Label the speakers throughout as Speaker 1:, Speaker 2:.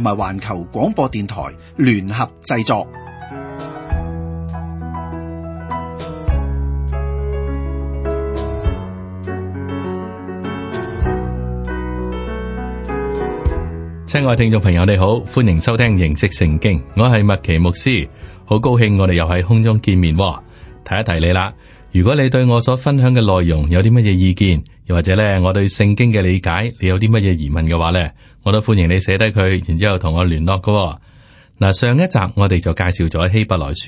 Speaker 1: 同埋環球廣播電台聯合製作。親愛聽眾朋友，你好，歡迎收聽認識聖經。我係麥奇牧師，好高興我哋又喺空中見面。提一提你啦，如果你對我所分享嘅內容有啲乜嘢意見，又或者咧，我對聖經嘅理解，你有啲乜嘢疑問嘅話呢？我都歡迎你寫低佢，然之後同我聯絡嘅。嗱，上一集我哋就介紹咗希伯來書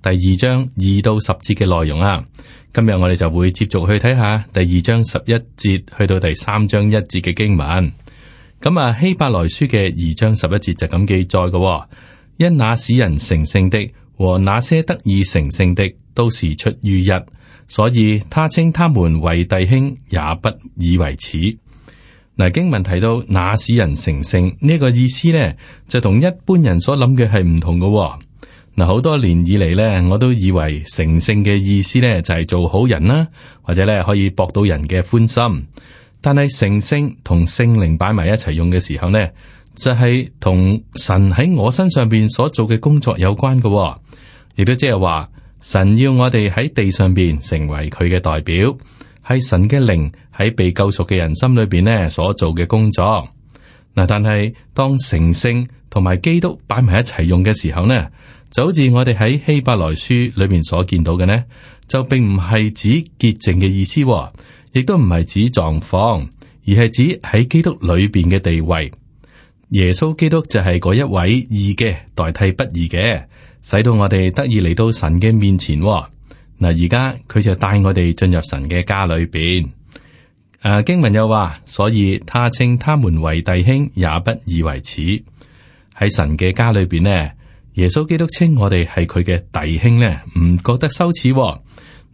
Speaker 1: 第二章二到十節嘅內容啊，今日我哋就會接續去睇下第二章十一節去到第三章一節嘅經文。咁、嗯、啊，希伯來書嘅二章十一節就咁記載嘅、哦，因那使人成聖的和那些得以成聖的，都是出於一。所以，他稱他們為弟兄，也不以為恥。嗱，經文提到那使人成聖呢個意思呢，就同一般人所諗嘅係唔同嘅、哦。嗱，好多年以嚟呢，我都以為成聖嘅意思呢，就係、是、做好人啦，或者呢可以博到人嘅歡心。但係成聖同聖靈擺埋一齊用嘅時候呢，就係、是、同神喺我身上邊所做嘅工作有關嘅、哦，亦都即係話。神要我哋喺地上邊成為佢嘅代表，係神嘅靈喺被救贖嘅人心裏邊呢所做嘅工作。嗱，但係當成聖同埋基督擺埋一齊用嘅時候呢，就好似我哋喺希伯來書裏面所見到嘅呢，就並唔係指潔淨嘅意思，亦都唔係指狀況，而係指喺基督裏邊嘅地位。耶穌基督就係嗰一位義嘅代替不義嘅。使到我哋得以嚟到神嘅面前、哦。嗱，而家佢就帶我哋進入神嘅家裏邊。誒、啊，經文又話，所以他稱他們為弟兄，也不以為恥。喺神嘅家裏邊呢，耶穌基督稱我哋係佢嘅弟兄呢，唔覺得羞恥、哦。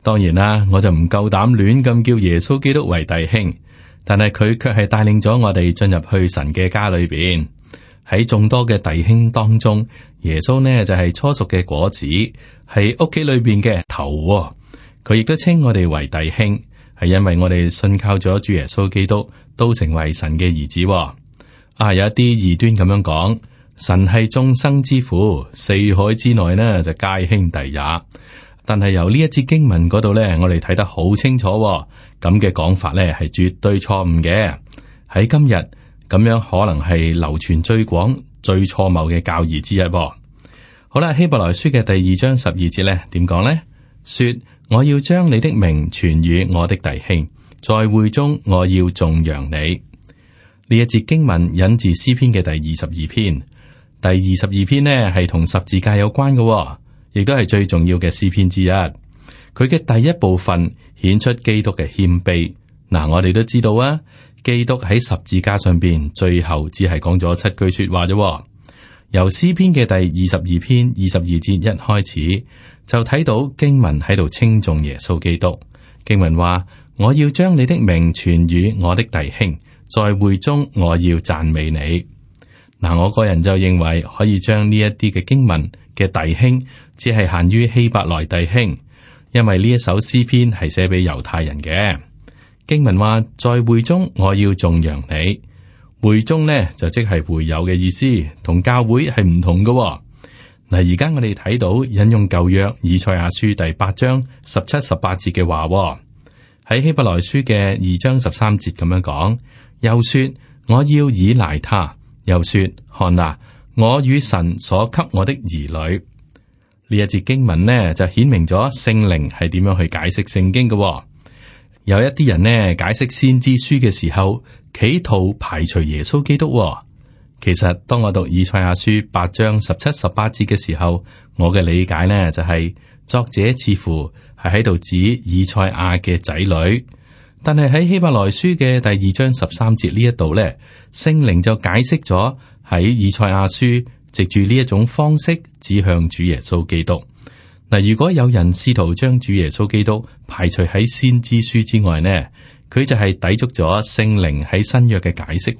Speaker 1: 當然啦、啊，我就唔夠膽亂咁叫耶穌基督為弟兄。但係佢卻係帶領咗我哋進入去神嘅家裏邊。喺眾多嘅弟兄當中。耶穌呢就係初熟嘅果子，係屋企裏邊嘅頭，佢亦都稱我哋為弟兄，係因為我哋信靠咗主耶穌基督，都成為神嘅兒子。啊，有一啲異端咁樣講，神係眾生之父，四海之內呢就皆兄弟也。但係由呢一節經文嗰度呢，我哋睇得好清楚，咁嘅講法呢，係絕對錯誤嘅。喺今日咁樣可能係流傳最廣最錯謬嘅教義之一。好啦，《希伯來書》嘅第二章十二節咧，點講呢？說我要將你的名傳與我的弟兄，在會中我要頌揚你。呢一節經文引自詩篇嘅第二十二篇。第二十二篇呢係同十字架有關嘅，亦都係最重要嘅詩篇之一。佢嘅第一部分顯出基督嘅謙卑。嗱，我哋都知道啊。基督喺十字架上邊，最後只係講咗七句說話啫。由詩篇嘅第二十二篇二十二節一開始，就睇到經文喺度稱頌耶穌基督。經文話：我要將你的名傳與我的弟兄，在會中我要讚美你。嗱，我個人就認為可以將呢一啲嘅經文嘅弟兄，只係限於希伯來弟兄，因為呢一首詩篇係寫俾猶太人嘅。經文話，在會中我要頌揚你，會中呢就即係會友嘅意思，同教會係唔同嘅、哦。嗱，而家我哋睇到引用舊約以賽亞書第八章十七、十八節嘅話、哦，喺希伯來書嘅二章十三節咁樣講，又說我要倚賴他，又說看哪，我與神所給我的兒女。呢一節經文呢，就顯明咗聖靈係點樣去解釋聖經嘅、哦。有一啲人呢解釋先知書嘅時候，企圖排除耶穌基督、哦。其實當我讀以賽亞書八章十七、十八節嘅時候，我嘅理解呢就係、是、作者似乎係喺度指以賽亞嘅仔女。但係喺希伯來書嘅第二章十三節呢一度呢，聖靈就解釋咗喺以賽亞書藉住呢一種方式指向主耶穌基督。嗱，如果有人試圖將主耶穌基督排除喺先知書之外呢，佢就係抵觸咗聖靈喺新約嘅解釋。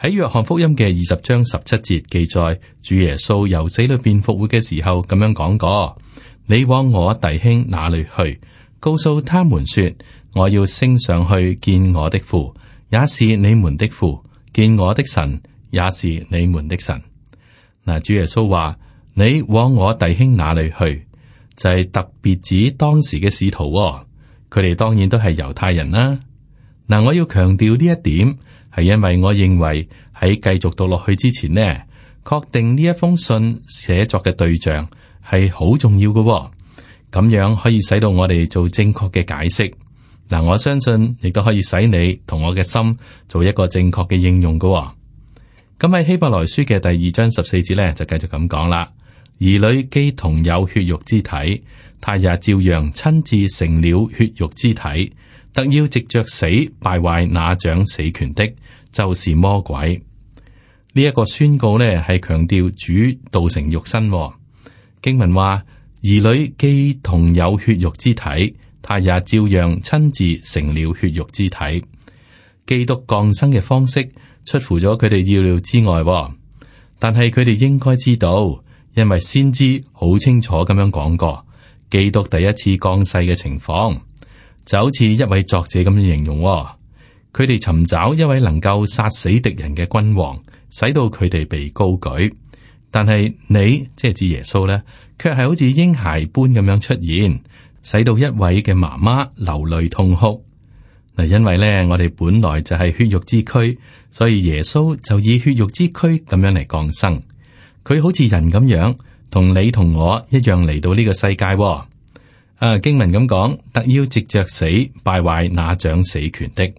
Speaker 1: 喺約翰福音嘅二十章十七節記載，主耶穌由死裏變復活嘅時候咁樣講過：，你往我弟兄那裏去，告訴他們說，我要升上去見我的父，也是你們的父，見我的神，也是你們的神。嗱，主耶穌話：，你往我弟兄那裏去。就係特別指當時嘅使徒、哦，佢哋當然都係猶太人啦。嗱，我要強調呢一點，係因為我認為喺繼續讀落去之前呢，確定呢一封信寫作嘅對象係好重要嘅、哦。咁樣可以使到我哋做正確嘅解釋。嗱，我相信亦都可以使你同我嘅心做一個正確嘅應用嘅、哦。咁喺希伯來書嘅第二章十四節咧，就繼續咁講啦。兒女既同有血肉之體，他也照樣親自成了血肉之體。特要藉着死敗壞那掌死權的，就是魔鬼。呢、這、一個宣告呢，係強調主道成肉身、哦、經文話，兒女既同有血肉之體，他也照樣親自成了血肉之體。基督降生嘅方式出乎咗佢哋意料之外、哦，但係佢哋應該知道。因為先知好清楚咁樣講過，基督第一次降世嘅情況，就好似一位作者咁樣形容，佢哋尋找一位能夠殺死敵人嘅君王，使到佢哋被高舉。但係你即係指耶穌呢，卻係好似嬰孩般咁樣出現，使到一位嘅媽媽流淚痛哭。嗱，因為呢，我哋本來就係血肉之軀，所以耶穌就以血肉之軀咁樣嚟降生。佢好似人咁樣，同你同我一樣嚟到呢個世界、哦。啊，經文咁講，特要藉着死敗壞那掌死權的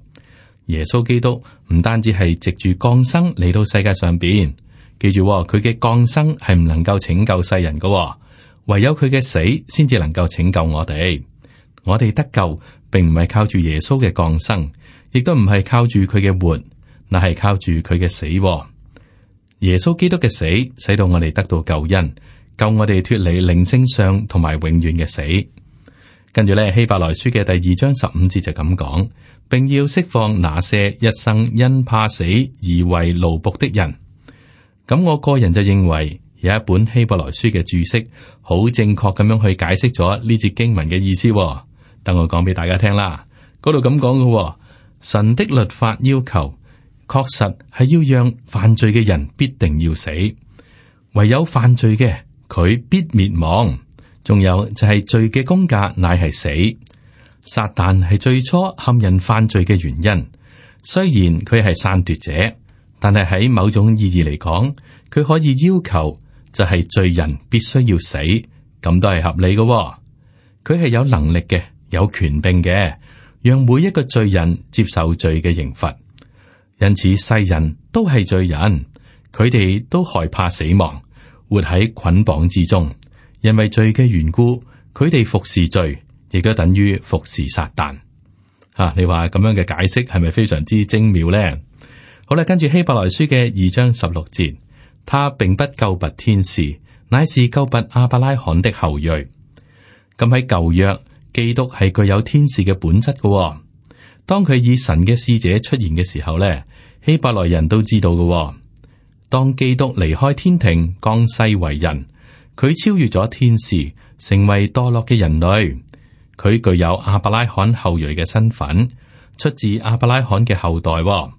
Speaker 1: 耶穌基督，唔單止係藉住降生嚟到世界上邊。記住、哦，佢嘅降生係唔能夠拯救世人嘅、哦，唯有佢嘅死先至能夠拯救我哋。我哋得救並唔係靠住耶穌嘅降生，亦都唔係靠住佢嘅活，那係靠住佢嘅死、哦。耶穌基督嘅死，使到我哋得到救恩，救我哋脫離靈性上同埋永遠嘅死。跟住呢，希伯來書嘅第二章十五節就咁講，並要釋放那些一生因怕死而為奴僕的人。咁我個人就認為有一本希伯來書嘅注釋好正確咁樣去解釋咗呢節經文嘅意思喎。等我講俾大家聽啦，嗰度咁講嘅，神的律法要求。確實係要讓犯罪嘅人必定要死，唯有犯罪嘅，佢必滅亡。仲有就係罪嘅工價，乃係死。撒但係最初陷人犯罪嘅原因。雖然佢係散奪者，但係喺某種意義嚟講，佢可以要求就係罪人必須要死，咁都係合理嘅哦。佢係有能力嘅，有權柄嘅，讓每一個罪人接受罪嘅刑罰。因此，世人都係罪人，佢哋都害怕死亡，活喺捆綁之中。因為罪嘅緣故，佢哋服侍罪，亦都等於服侍撒旦。吓、啊，你話咁樣嘅解釋係咪非常之精妙呢？好啦，跟住希伯來書嘅二章十六節，他並不救拔天使，乃是救拔亞伯拉罕的後裔。咁喺舊約，基督係具有天使嘅本質噶、哦。當佢以神嘅使者出現嘅時候咧。希伯來人都知道嘅、哦，當基督離開天庭降世為人，佢超越咗天時，成為墮落嘅人類，佢具有亞伯拉罕後裔嘅身份，出自亞伯拉罕嘅後代、哦。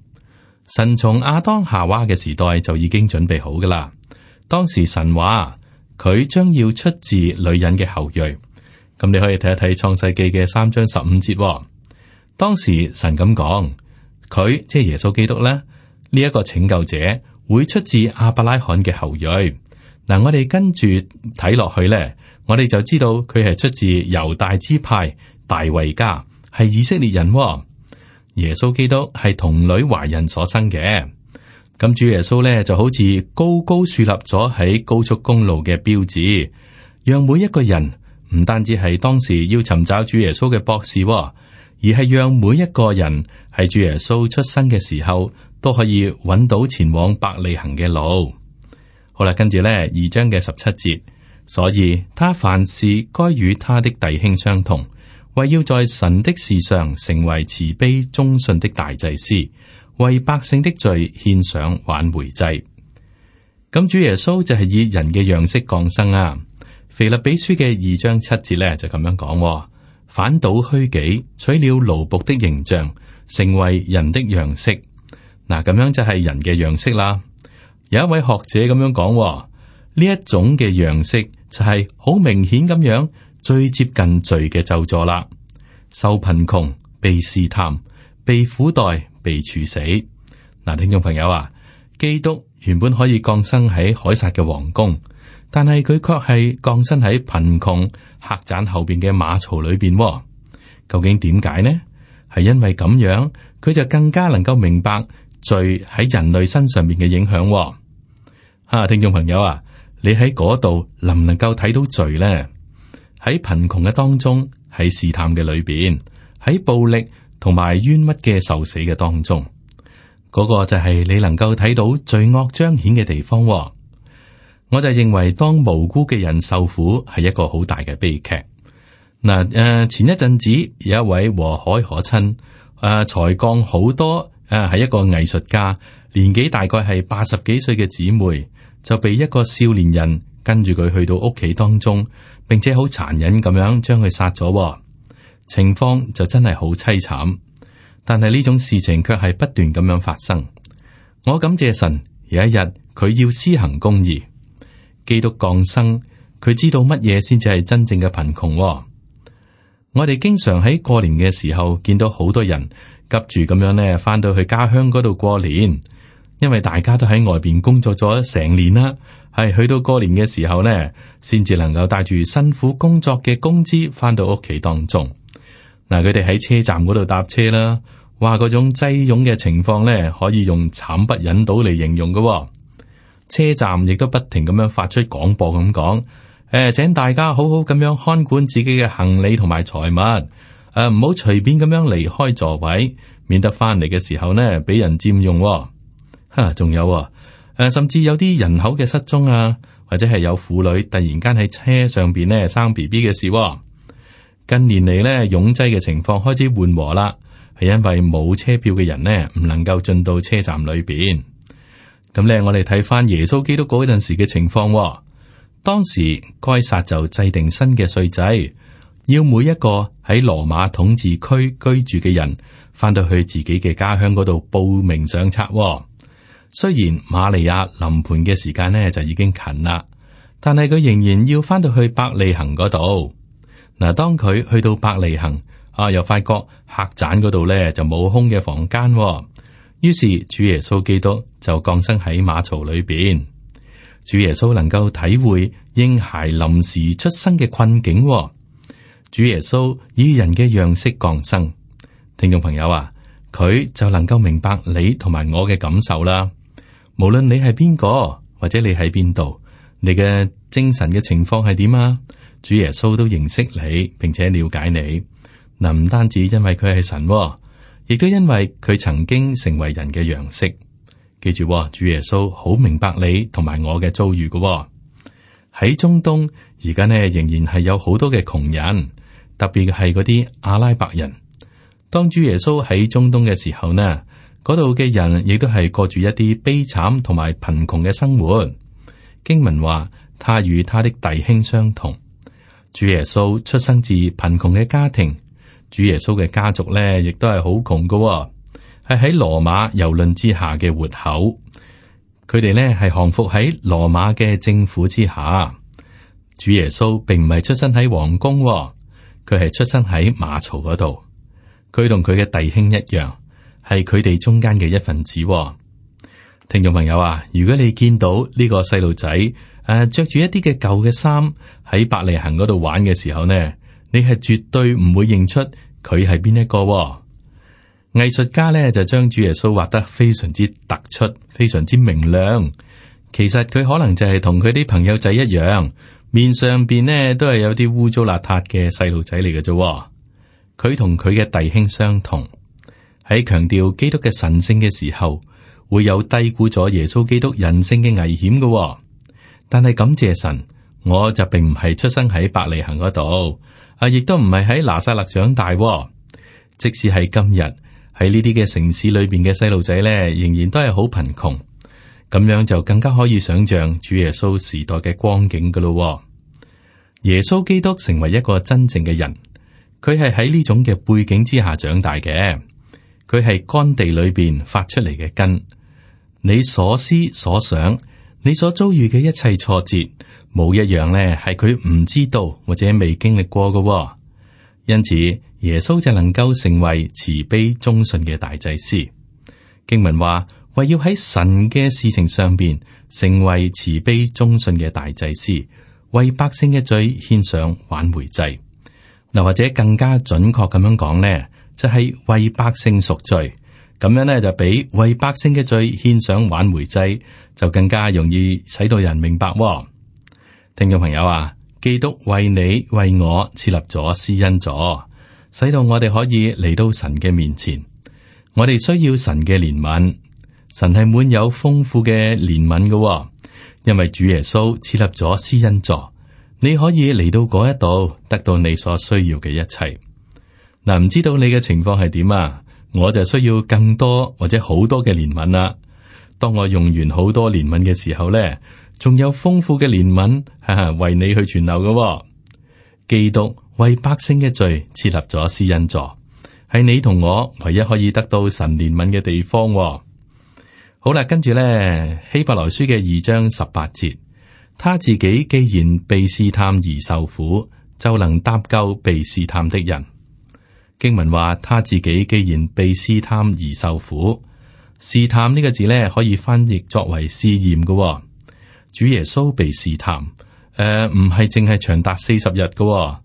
Speaker 1: 神從亞當夏娃嘅時代就已經準備好噶啦，當時神話佢將要出自女人嘅後裔，咁你可以睇一睇創世記嘅三章十五節、哦，當時神咁講。佢即係耶穌基督咧，呢、這、一個拯救者會出自亞伯拉罕嘅後裔。嗱，我哋跟住睇落去咧，我哋就知道佢係出自猶大支派大衛家，係以色列人、哦。耶穌基督係童女華人所生嘅。咁主耶穌咧就好似高高樹立咗喺高速公路嘅標誌，讓每一個人唔單止係當時要尋找主耶穌嘅博士、哦。而係讓每一個人係主耶穌出生嘅時候，都可以揾到前往伯利恒嘅路。好啦，跟住呢二章嘅十七節，所以他凡事該與他的弟兄相同，為要在神的事上成為慈悲忠信的大祭司，為百姓的罪獻上挽回祭。咁主耶穌就係以人嘅樣式降生啊。腓立比書嘅二章七節呢，就咁樣講、啊。反倒虛己，取了奴僕的形象，成為人的樣式。嗱，咁樣就係人嘅樣式啦。有一位學者咁樣講，呢一種嘅樣式就係好明顯咁樣，最接近罪嘅咒詛啦。受貧窮，被試探，被苦待，被處死。嗱，聽眾朋友啊，基督原本可以降生喺凱撒嘅皇宮。但係佢卻係降身喺貧窮客棧後邊嘅馬槽裏邊，哦，究竟點解呢？係因為咁樣，佢就更加能夠明白罪喺人類身上面嘅影響，哦。啊，聽眾朋友啊，你喺嗰度能唔能夠睇到罪呢？喺貧窮嘅當中，喺試探嘅裏邊，喺暴力同埋冤屈嘅受死嘅當中，嗰個就係你能夠睇到罪惡彰顯嘅地方，哦。我就認為，當無辜嘅人受苦係一個好大嘅悲劇。嗱，誒，前一陣子有一位和藹可親，誒、呃，才幹好多，誒、呃，係一個藝術家，年紀大概係八十幾歲嘅姊妹，就被一個少年人跟住佢去到屋企當中，並且好殘忍咁樣將佢殺咗。情況就真係好凄慘。但係呢種事情卻係不斷咁樣發生。我感謝神，有一日佢要施行公義。基督降生，佢知道乜嘢先至係真正嘅貧窮。我哋經常喺過年嘅時候見到好多人急住咁樣呢翻，到去家鄉嗰度過年，因為大家都喺外邊工作咗成年啦，係去到過年嘅時候呢先至能夠帶住辛苦工作嘅工資翻到屋企當中。嗱、啊，佢哋喺車站嗰度搭車啦，話嗰種擠擁嘅情況呢可以用慘不忍睹嚟形容嘅、哦。車站亦都不停咁樣發出廣播咁講，誒、呃，請大家好好咁樣看管自己嘅行李同埋財物，誒唔好隨便咁樣離開座位，免得翻嚟嘅時候呢俾人佔用、哦。吓，仲有啊，誒，甚至有啲人口嘅失蹤啊，或者係有婦女突然間喺車上邊呢生 B B 嘅事、哦。近年嚟呢，擁擠嘅情況開始緩和啦，係因為冇車票嘅人呢唔能夠進到車站裏邊。咁咧，我哋睇翻耶穌基督嗰陣時嘅情況、哦。當時該撒就制定新嘅稅制，要每一個喺羅馬統治區居住嘅人，翻到去自己嘅家鄉嗰度報名上冊、哦。雖然瑪利亞臨盆嘅時間呢就已經近啦，但係佢仍然要翻到去伯利恆嗰度。嗱、啊，當佢去到伯利恆，啊，又發覺客棧嗰度咧就冇空嘅房間、哦。於是主耶穌基督就降生喺馬槽裏邊，主耶穌能夠體會嬰孩臨時出生嘅困境，哦。主耶穌以人嘅樣式降生，聽眾朋友啊，佢就能夠明白你同埋我嘅感受啦。無論你係邊個或者你喺邊度，你嘅精神嘅情況係點啊，主耶穌都認識你並且了解你，嗱，唔單止因為佢係神，哦。亦都因為佢曾經成為人嘅樣式，記住，哦，主耶穌好明白你同埋我嘅遭遇嘅，哦。喺中東，而家呢，仍然係有好多嘅窮人，特別係嗰啲阿拉伯人。當主耶穌喺中東嘅時候呢，嗰度嘅人亦都係過住一啲悲慘同埋貧窮嘅生活。經文話，他與他的弟兄相同。主耶穌出生自貧窮嘅家庭。主耶穌嘅家族咧，亦都係好窮嘅，係喺羅馬游輪之下嘅活口。佢哋咧係降服喺羅馬嘅政府之下。主耶穌並唔係出身喺皇宮，哦，佢係出生喺馬槽嗰度。佢同佢嘅弟兄一樣，係佢哋中間嘅一份子，哦。聽眾朋友啊，如果你見到呢個細路仔誒，着，啊、住一啲嘅舊嘅衫喺伯利恆嗰度玩嘅時候呢？你係絕對唔會認出佢係邊一個喎。藝術家咧就將主耶穌畫得非常之突出，非常之明亮。其實佢可能就係同佢啲朋友仔一樣，面上邊呢，都係有啲污糟邋遢嘅細路仔嚟嘅。啫，佢同佢嘅弟兄相同，喺強調基督嘅神性嘅時候，會有低估咗耶穌基督人性嘅危險嘅喎。但係感謝神，我就並唔係出生喺伯利恆嗰度。啊！亦都唔係喺拿撒勒長大，哦，即使係今日喺呢啲嘅城市裏邊嘅細路仔咧，仍然都係好貧窮，咁樣就更加可以想象主耶穌時代嘅光景㗎咯、哦。耶穌基督成為一個真正嘅人，佢係喺呢種嘅背景之下長大嘅，佢係乾地裏邊發出嚟嘅根。你所思所想，你所遭遇嘅一切挫折。冇一樣咧，係佢唔知道或者未經歷過噶哦。因此，耶穌就能夠成為慈悲忠信嘅大祭司。經文話，為要喺神嘅事情上邊成為慈悲忠信嘅大祭司，為百姓嘅罪獻上挽回祭。嗱，或者更加準確咁樣講咧，就係為百姓贖罪。咁樣咧就比為百姓嘅罪獻上挽回祭就更加容易使到人明白哦。聽眾朋友啊，基督為你為我設立咗施恩座，使到我哋可以嚟到神嘅面前。我哋需要神嘅憐憫，神係滿有豐富嘅憐憫嘅，因為主耶穌設立咗施恩座，你可以嚟到嗰一度，得到你所需要嘅一切。嗱，唔知道你嘅情況係點啊？我就需要更多或者好多嘅憐憫啦。當我用完好多憐憫嘅時候咧。仲有豐富嘅憐憫，吓，為你去存留嘅基督為百姓嘅罪設立咗施恩座，係你同我唯一可以得到神憐憫嘅地方，哦。好啦，跟住咧，希伯來書嘅二章十八節，他自己既然被試探而受苦，就能搭救被試探的人。經文話他自己既然被試探而受苦，試探呢個字咧，可以翻譯作為試驗嘅。主耶穌被試探，誒唔係淨係長達四十日嘅，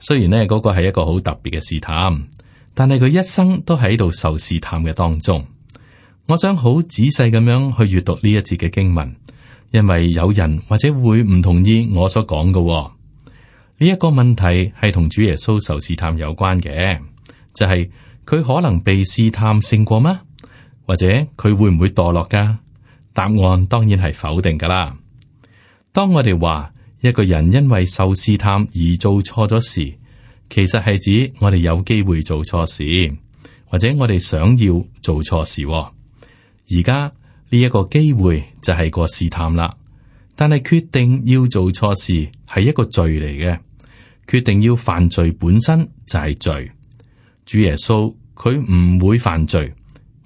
Speaker 1: 雖然呢嗰個係一個好特別嘅試探，但係佢一生都喺度受試探嘅當中。我想好仔細咁樣去閱讀呢一節嘅經文，因為有人或者會唔同意我所講嘅。呢一個問題係同主耶穌受試探有關嘅，就係佢可能被試探勝過嗎？或者佢會唔會墮落噶？答案當然係否定噶啦。當我哋話一個人因為受試探而做錯咗事，其實係指我哋有機會做錯事，或者我哋想要做錯事，哦。而家呢一個機會就係個試探啦，但係決定要做錯事係一個罪嚟嘅。決定要犯罪本身就係罪。主耶穌，佢唔會犯罪，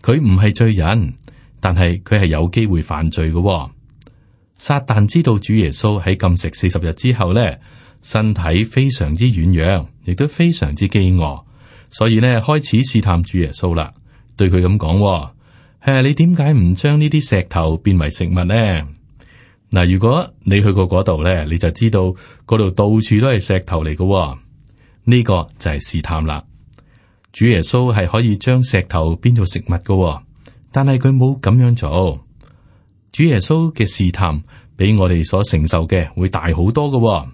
Speaker 1: 佢唔係罪人，但係佢係有機會犯罪嘅，哦。撒旦知道主耶穌喺禁食四十日之後咧，身體非常之軟弱，亦都非常之飢餓，所以咧開始試探主耶穌啦，對佢咁講：誒，你點解唔將呢啲石頭變為食物咧？嗱，如果你去過嗰度咧，你就知道嗰度到處都係石頭嚟嘅，呢個就係試探啦。主耶穌係可以將石頭變做食物嘅，但係佢冇咁樣做。主耶穌嘅試探比我哋所承受嘅會大好多嘅。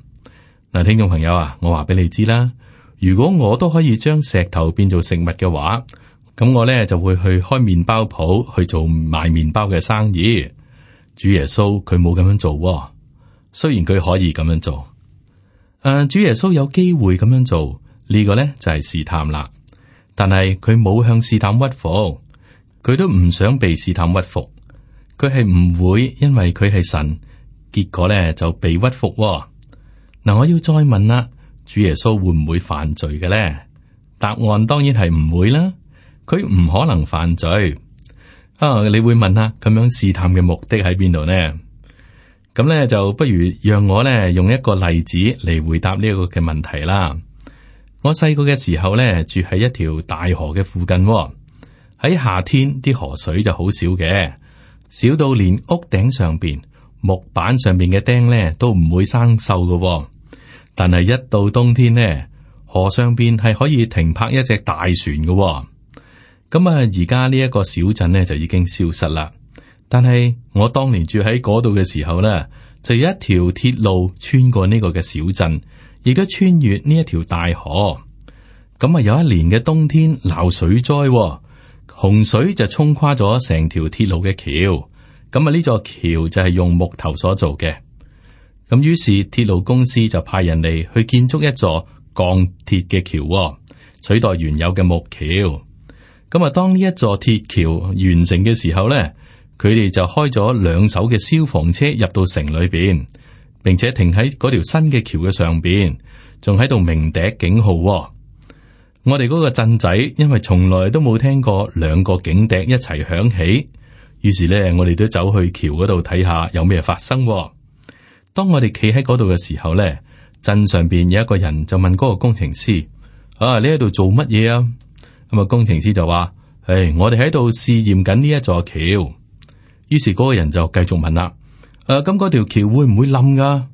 Speaker 1: 嗱，聽眾朋友啊，我話俾你知啦，如果我都可以將石頭變做食物嘅話，咁我咧就會去開麵包鋪去做賣麵包嘅生意。主耶穌佢冇咁樣做，雖然佢可以咁樣做，誒，主耶穌有機會咁樣做，這個、呢個咧就係、是、試探啦，但係佢冇向試探屈服，佢都唔想被試探屈服。佢係唔會，因為佢係神，結果咧就被屈服、哦。嗱，我要再問啦，主耶穌會唔會犯罪嘅咧？答案當然係唔會啦，佢唔可能犯罪啊！你會問下，咁樣試探嘅目的喺邊度呢？咁咧，就不如讓我咧用一個例子嚟回答呢一個嘅問題啦。我細個嘅時候咧住喺一條大河嘅附近喎、哦，喺夏天啲河水就好少嘅。少到連屋頂上邊木板上面嘅釘咧都唔會生銹噶、哦，但係一到冬天呢，河上邊係可以停泊一隻大船噶、哦。咁啊，而家呢一個小鎮咧就已經消失啦。但係我當年住喺嗰度嘅時候咧，就有一條鐵路穿過呢個嘅小鎮，亦都穿越呢一條大河。咁啊，有一年嘅冬天鬧水災、哦。洪水就沖垮咗成條鐵路嘅橋，咁啊呢座橋就係用木頭所做嘅，咁於是鐵路公司就派人嚟去建築一座鋼鐵嘅橋，取代原有嘅木橋。咁啊當呢一座鐵橋完成嘅時候呢，佢哋就開咗兩艘嘅消防車入到城裏邊，並且停喺嗰條新嘅橋嘅上邊，仲喺度鳴笛警號。我哋嗰個鎮仔，因為從來都冇聽過兩個警笛一齊響起，於是咧，我哋都走去橋嗰度睇下有咩發生，哦。當我哋企喺嗰度嘅時候咧，鎮上邊有一個人就問嗰個工程師：啊，你喺度做乜嘢啊？咁，嗯，啊，工程師就話：誒，哎，我哋喺度試驗緊呢一座橋。於是嗰個人就繼續問啦：誒，啊，咁，嗯，嗰條橋會唔會冧㗎，啊？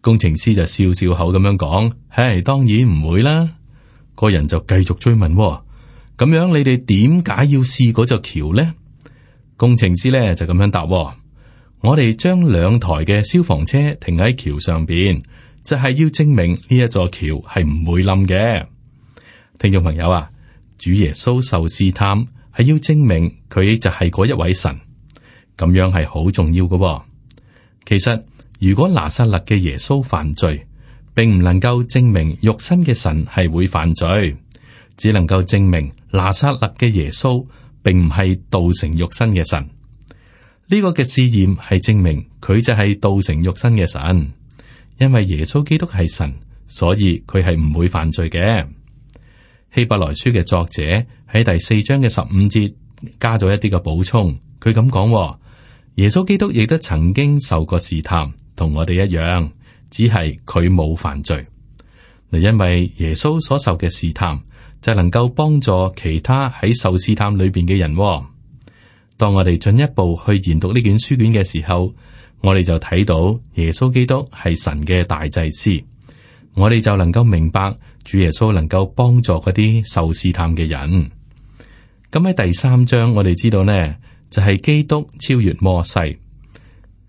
Speaker 1: 工程師就笑笑口咁樣講：唉，哎，當然唔會啦。個人就繼續追問喎，咁樣你哋點解要試嗰座橋呢？」工程師咧就咁樣答喎：我哋將兩台嘅消防車停喺橋上邊，就係、是、要證明呢一座橋係唔會冧嘅。聽眾朋友啊，主耶穌受試探係要證明佢就係嗰一位神，咁樣係好重要㗎喎。其實如果拿撒勒嘅耶穌犯罪。並唔能夠證明肉身嘅神係會犯罪，只能夠證明拿撒勒嘅耶穌並唔係道成肉身嘅神。呢個嘅試驗係證明佢就係道成肉身嘅神，因為耶穌基督係神，所以佢係唔會犯罪嘅。希伯來書嘅作者喺第四章嘅十五節加咗一啲嘅補充，佢咁講：耶穌基督亦都曾經受過試探，同我哋一樣。只係佢冇犯罪，嗱，因為耶穌所受嘅試探就能夠幫助其他喺受試探裏邊嘅人，哦。當我哋進一步去研讀呢卷書卷嘅時候，我哋就睇到耶穌基督係神嘅大祭司，我哋就能夠明白主耶穌能夠幫助嗰啲受試探嘅人。咁喺第三章，我哋知道呢就係、是、基督超越摩西。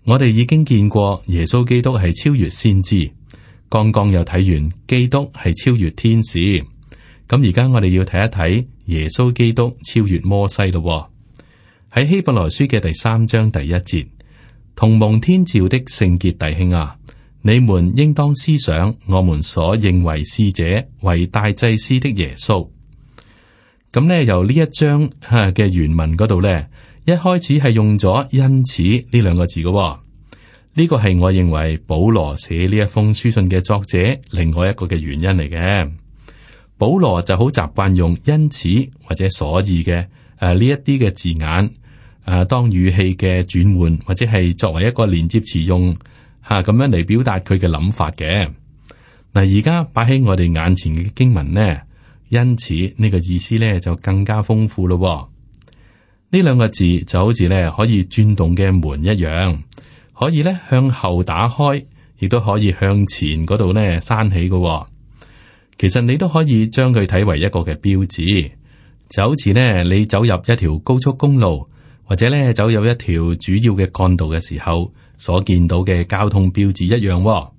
Speaker 1: 我哋已經見過耶穌基督係超越先知，剛剛又睇完基督係超越天使，咁而家我哋要睇一睇耶穌基督超越摩西咯、哦。喺希伯來書嘅第三章第一節，同蒙天照的聖潔弟兄啊，你們應當思想我們所認為使者為大祭司的耶穌。咁、嗯、呢由呢一章嘅原文嗰度呢。一開始係用咗因此呢兩個字嘅、哦，呢個係我認為保羅寫呢一封書信嘅作者另外一個嘅原因嚟嘅。保羅就好習慣用因此或者所以嘅，誒呢一啲嘅字眼誒、啊、當語氣嘅轉換或者係作為一個連接詞用吓咁、啊、樣嚟表達佢嘅諗法嘅。嗱，而家擺喺我哋眼前嘅經文呢，因此呢、呢個意思咧就更加豐富咯、哦。呢兩個字就好似咧可以轉動嘅門一樣，可以咧向後打開，亦都可以向前嗰度咧閂起嘅、哦。其實你都可以將佢睇為一個嘅標誌，就好似咧你走入一條高速公路或者咧走入一條主要嘅幹道嘅時候所見到嘅交通標誌一樣、哦。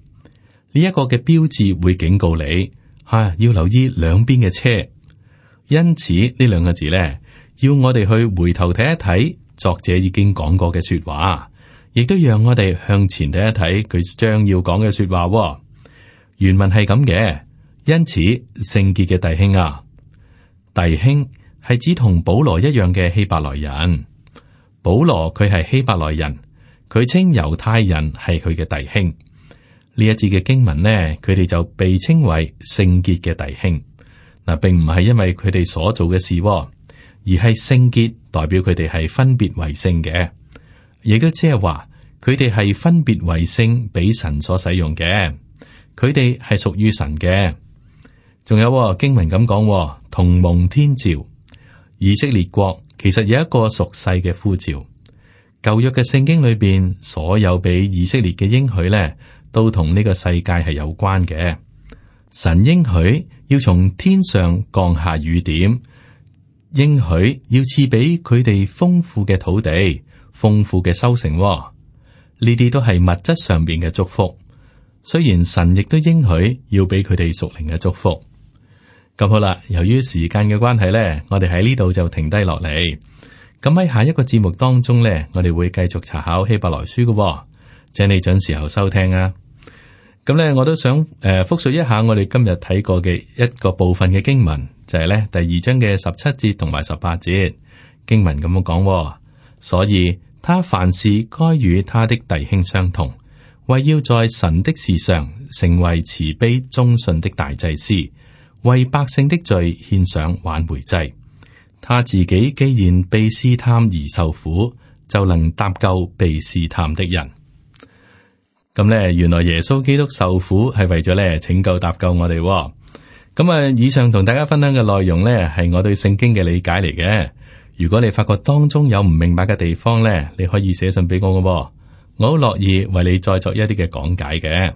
Speaker 1: 呢、這、一個嘅標誌會警告你吓、啊、要留意兩邊嘅車，因此呢兩個字咧，要我哋去回頭睇一睇作者已經講過嘅說話，亦都讓我哋向前睇一睇佢將要講嘅說話。原文係咁嘅，因此聖潔嘅弟兄啊。弟兄係指同保羅一樣嘅希伯來人。保羅佢係希伯來人，佢稱猶太人係佢嘅弟兄。呢一節嘅經文呢，佢哋就被稱為聖潔嘅弟兄。嗱，並唔係因為佢哋所做嘅事。而係聖潔，代表佢哋係分別為聖嘅，亦都即係話佢哋係分別為聖，俾神所使用嘅，佢哋係屬於神嘅。仲有、哦、經文咁講、哦，同蒙天召以色列國，其實有一個屬世嘅呼召。舊約嘅聖經裏邊，所有俾以色列嘅應許咧，都同呢個世界係有關嘅。神應許要從天上降下雨點。應許要賜俾佢哋豐富嘅土地，豐富嘅收成，哦，呢啲都係物質上邊嘅祝福。雖然神亦都應許要俾佢哋屬靈嘅祝福。咁好啦，由於時間嘅關係呢，我哋喺呢度就停低落嚟。咁喺下一個節目當中呢，我哋會繼續查考希伯來書嘅，哦，請你準時候收聽啊！咁咧、嗯，我都想誒、呃、複述一下我哋今日睇過嘅一個部分嘅經文，就係、是、咧第二章嘅十七節同埋十八節經文咁樣講。所以，他凡事該與他的弟兄相同，為要在神的事上成為慈悲忠信的大祭司，為百姓的罪獻上挽回祭。他自己既然被試探而受苦，就能搭救被試探的人。咁咧，原來耶穌基督受苦係為咗咧拯救搭救我哋。咁啊，以上同大家分享嘅內容呢，係我對聖經嘅理解嚟嘅。如果你發覺當中有唔明白嘅地方呢，你可以寫信俾我噶，我好樂意為你再作一啲嘅講解嘅。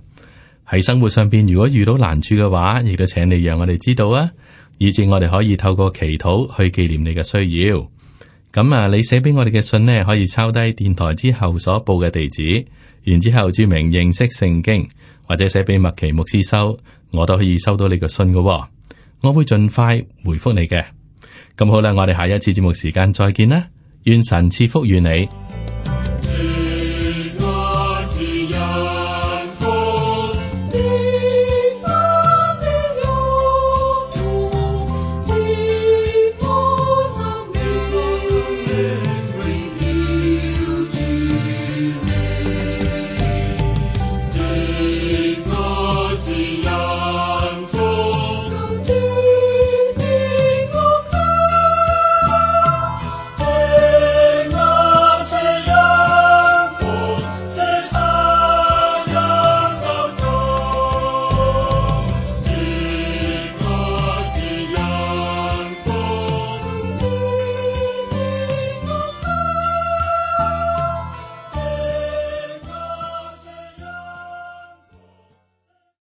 Speaker 1: 喺生活上邊，如果遇到難處嘅話，亦都請你讓我哋知道啊，以至我哋可以透過祈禱去紀念你嘅需要。咁啊，你寫俾我哋嘅信呢，可以抄低電台之後所報嘅地址。然之後注明認識聖經或者寫俾麥奇牧師收，我都可以收到你個信㗎喎，我會盡快回覆你嘅。咁好啦，我哋下一次節目時間再見啦，願神賜福與你。